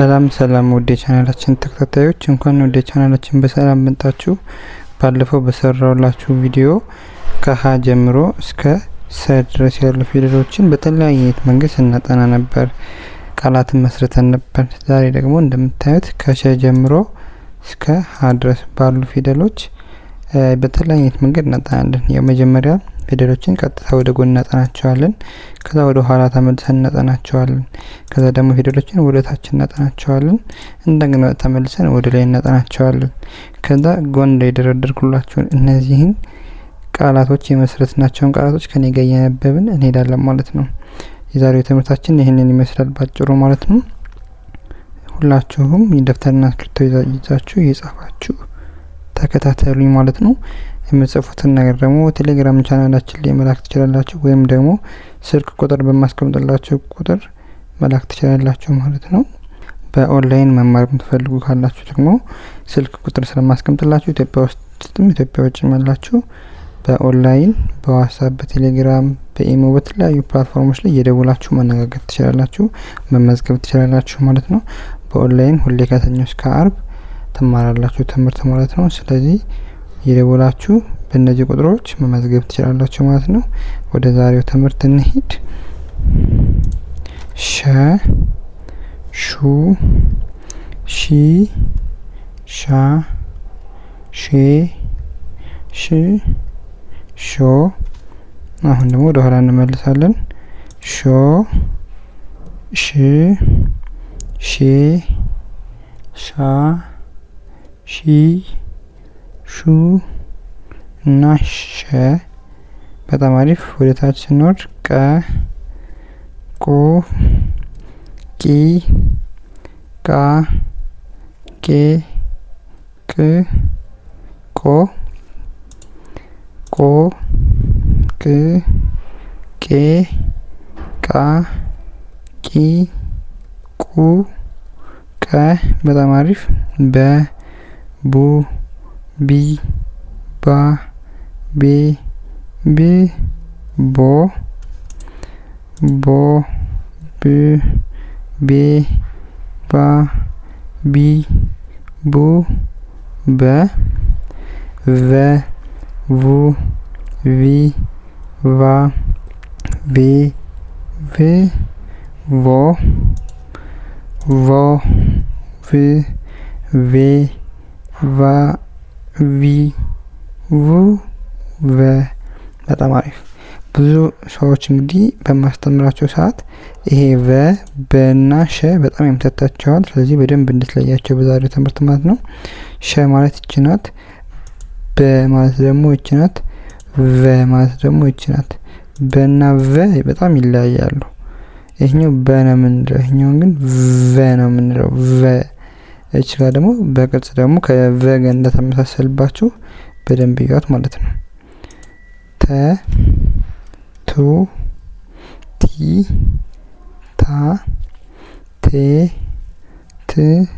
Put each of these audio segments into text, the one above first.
ሰላም ሰላም ወደ ቻናላችን ተከታታዮች እንኳን ወደ ቻናላችን በሰላም መጣችሁ። ባለፈው በሰራውላችሁ ቪዲዮ ከሀ ጀምሮ እስከ ሰ ድረስ ያሉ ፊደሎችን በተለያየ አይነት መንገድ ስናጠና ነበር፣ ቃላትን መስርተን ነበር። ዛሬ ደግሞ እንደምታዩት ከሸ ጀምሮ እስከ ሀ ድረስ ባሉ ፊደሎች በተለያየ አይነት መንገድ እናጠናለን። የመጀመሪያ ፊደሎችን ቀጥታ ወደ ጎን እናጠናቸዋለን። ከዛ ወደ ኋላ ተመልሰን እናጠናቸዋለን። ከዛ ደግሞ ፊደሎችን ወደ ታች እናጠናቸዋለን። እንደገና ተመልሰን ወደ ላይ እናጠናቸዋለን። ከዛ ጎን ላይ የደረደርኩላችሁን እነዚህን ቃላቶች የመሰረት ናቸውን ቃላቶች ከኔ ጋር እያነበብን እንሄዳለን ማለት ነው። የዛሬው ትምህርታችን ይህንን ይመስላል ባጭሩ ማለት ነው። ሁላችሁም የደብተርና እስክሪብቶ ይዛችሁ እየጻፋችሁ ተከታተሉኝ ማለት ነው። የምጽፉትን ነገር ደግሞ ቴሌግራም ቻናላችን ላይ መላክ ትችላላችሁ፣ ወይም ደግሞ ስልክ ቁጥር በማስቀምጥላችሁ ቁጥር መላክ ትችላላችሁ ማለት ነው። በኦንላይን መማር የምትፈልጉ ካላችሁ ደግሞ ስልክ ቁጥር ስለማስቀምጥላችሁ ኢትዮጵያ ውስጥም ኢትዮጵያ ውጭ ያላችሁ በኦንላይን በዋትሳፕ በቴሌግራም በኢሞ በተለያዩ ፕላትፎርሞች ላይ እየደውላችሁ መነጋገር ትችላላችሁ፣ መመዝገብ ትችላላችሁ ማለት ነው። በኦንላይን ሁሌ ከሰኞ እስከ አርብ ትማራላችሁ ትምህርት ማለት ነው። ስለዚህ ይደውላችሁ በእነዚህ ቁጥሮች መመዝገብ ትችላላችሁ ማለት ነው። ወደ ዛሬው ትምህርት እንሂድ። ሸ ሹ ሺ ሻ ሼ ሽ ሾ። አሁን ደግሞ ወደ ኋላ እንመልሳለን። ሾ ሽ ሼ ሻ ሺ ሹ እና ሸ በጣም አሪፍ። ወደ ታች ስንወርድ ቀ፣ ቆ፣ ቂ፣ ቃ፣ ቄ፣ ቅ፣ ቆ፣ ቆ፣ ቅ፣ ቄ፣ ቃ፣ ቂ፣ ቁ፣ ቀ በጣም አሪፍ። በ፣ ቡ ba, b b bo bo bu, be ba bi bu be ve vous vi va vi ve vo vo ve ve va ቪ ቭ ቨ በጣም አሪፍ። ብዙ ሰዎች እንግዲህ በማስተምራቸው ሰዓት ይሄ ቨ በና ሸ በጣም ያምታታቸዋል። ስለዚህ በደንብ እንድትለያቸው በዛሬው ትምህርት ማለት ነው። ሸ ማለት እችናት በ ማለት ደግሞ ይችናት ቨ ማለት ደግሞ ይች በና ቨ በጣም ይለያያሉ። ይህኛው በ ነው የምንለው፣ ይህኛውን ግን ቨ ነው የምንለው ቨ እች ጋር ደግሞ በቅርጽ ደግሞ ከቨግ እንደተመሳሰልባችሁ በደንብ ይዩት ማለት ነው። ተ ቱ ቲ ታ ቴ ት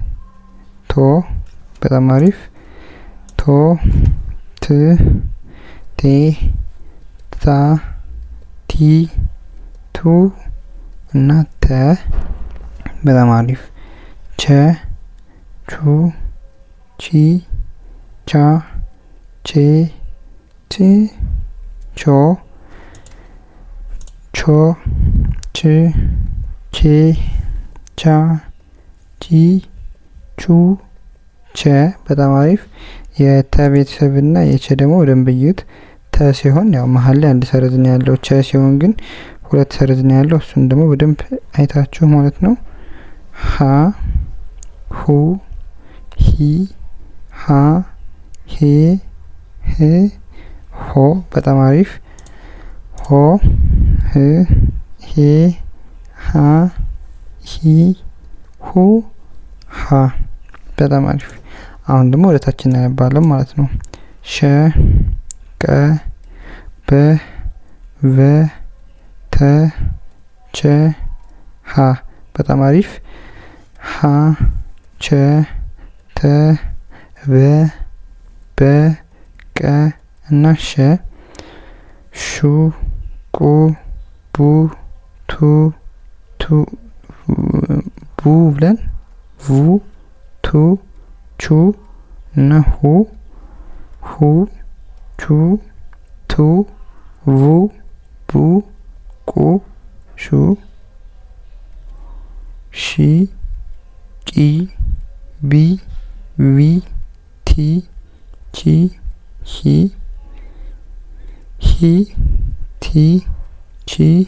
ቶ በጣም አሪፍ ቶ ት ቴ ታ ቲ ቱ እና ተ በጣም አሪፍ ቸ 주, 지, 자, 제, 지, 저, ቸ በጣም አሪፍ የተ ቤተሰብ እና የቸ ደግሞ በደንብ እዩት። ተ ሲሆን ያው መሀል ላይ አንድ ሰረዝ ነው ያለው። ቸ ሲሆን ግን ሁለት ሰረዝ ነው ያለው። እሱን ደግሞ በደንብ አይታችሁ ማለት ነው። ሀ ሁ ሂ ሃ ሄ ህ ሆ በጣም አሪፍ ሆ ህ ሄ ሃ ሂ ሁ ሃ በጣም አሪፍ። አሁን ደግሞ ወደ ታች እናነባለን ማለት ነው። ሸ ቀ በ ቨ ተ ቸ ሀ በጣም አሪፍ ሀ ቸ T V B G nasze szu ku bu tu tu buwlen w tu czu nahu hu czu tu v bu ku szu ş i b we, thi, chi, he, he, thi, chi,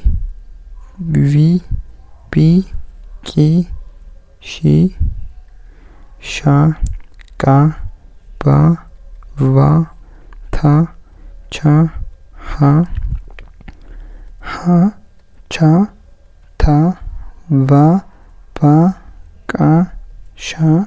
we, pi, ki, she, sha, ka, pa, va, tha, cha, ha, ha, cha, tha, va, pa, ka, sha,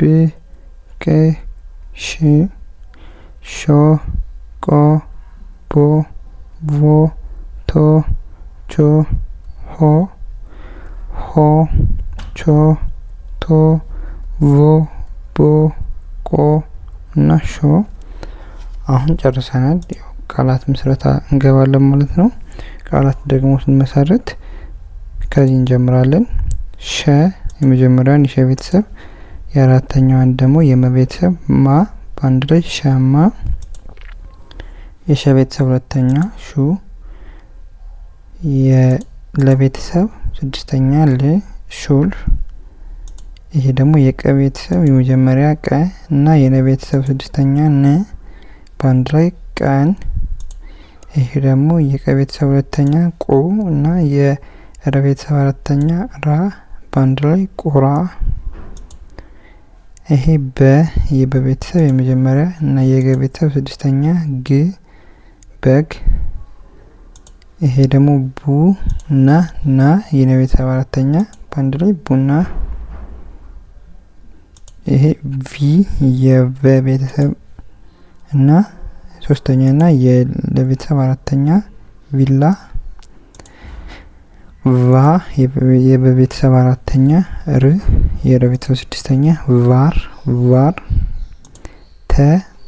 B G Š Š K B V T Č H H Č T V B Q እና ሾ አሁን ጨርሰናል። ቃላት ምስረታ እንገባለን ማለት ነው። ቃላት ደግሞ ስንመሰረት ከዚህ እንጀምራለን። ሸ የመጀመሪያውን የሸ ቤተሰብ የአራተኛዋን ደግሞ የመቤተሰብ ማ በአንድ ላይ ሻማ የሸ ቤተሰብ ሁለተኛ ሹ ለቤተሰብ ስድስተኛ ል ሹል ይሄ ደግሞ የቀ ቤተሰብ የመጀመሪያ ቀ እና የነ ቤተሰብ ስድስተኛ ነ በአንድ ላይ ቀን ይሄ ደግሞ የቀ ቤተሰብ ሁለተኛ ቁ እና የረ ቤተሰብ አራተኛ ራ በአንድ ላይ ቁራ ይሄ በ የበ ቤተሰብ የመጀመሪያ እና የገ ቤተሰብ ስድስተኛ ግ በግ። ይሄ ደግሞ ቡ እና ና የነ ቤተሰብ አራተኛ በአንድ ላይ ቡና። ይሄ ቪ የበ ቤተሰብ እና ሶስተኛ እና የለቤተሰብ አራተኛ ቪላ። ቫ የበቤተሰብ አራተኛ ር የረቤተሰብ ስድስተኛ ቫር ቫር ተ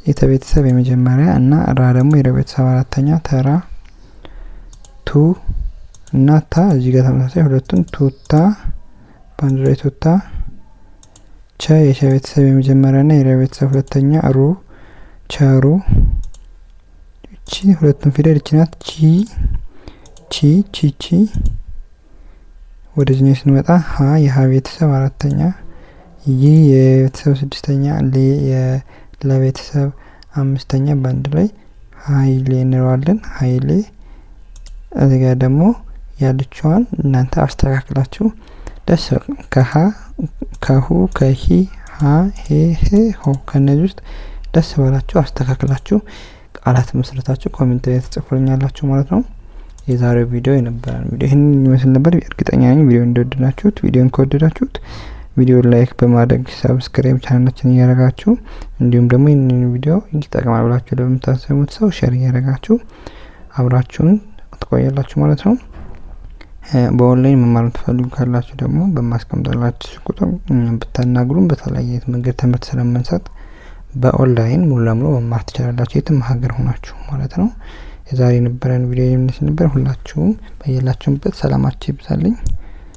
የተቤተሰብ የመጀመሪያ እና ራ ደግሞ የረቤተሰብ አራተኛ ተራ ቱ እና ታ እዚህ ጋር ተመሳሳይ ሁለቱን ቱታ በአንድ ላይ ቱታ ቸ የሸ ቤተሰብ የመጀመሪያ እና የረ ቤተሰብ ሁለተኛ ሩ ቸሩ እቺ ሁለቱን ፊደል እቺ ናት ቺ ቺ ቺ ቺ ወደዚህኛው ስንመጣ ሀ የሀ ቤተሰብ አራተኛ፣ ይ የቤተሰብ ስድስተኛ፣ ሌ ለቤተሰብ አምስተኛ። በአንድ ላይ ሀይሌ እንለዋለን። ሀይሌ እዚጋ ደግሞ ያለችዋን እናንተ አስተካክላችሁ ደስ ከሀ ከሁ ከሂ ሀ ሄ ህ ሆ ከእነዚህ ውስጥ ደስ ባላችሁ አስተካክላችሁ ቃላት መስረታችሁ ኮሜንት ላይ ተጽፎልኛላችሁ ማለት ነው። የዛሬው ቪዲዮ የነበረን ቪዲዮ ይህን ይመስል ነበር። እርግጠኛ ነኝ ቪዲዮ እንደወደዳችሁት። ቪዲዮን ከወደዳችሁት ቪዲዮ ላይክ በማድረግ ሰብስክራይብ ቻናላችን እያደረጋችሁ እንዲሁም ደግሞ ይህንን ቪዲዮ ይጠቅማል ብላችሁ ለምታሰሙት ሰው ሼር እያደረጋችሁ አብራችሁን ትቆያላችሁ ማለት ነው። በኦንላይን መማር የምትፈልጉ ካላችሁ ደግሞ በማስቀምጠላችሁ ቁጥር ብታናግሩን በተለያየ መንገድ ትምህርት ስለምንሰጥ በኦንላይን ሙሉ ለሙሉ መማር ትችላላችሁ የትም ሀገር ሆናችሁ ማለት ነው። የዛሬ የነበረን ቪዲዮ የምንስ ነበር። ሁላችሁም በየላችሁበት ሰላማችሁ ይብዛልኝ።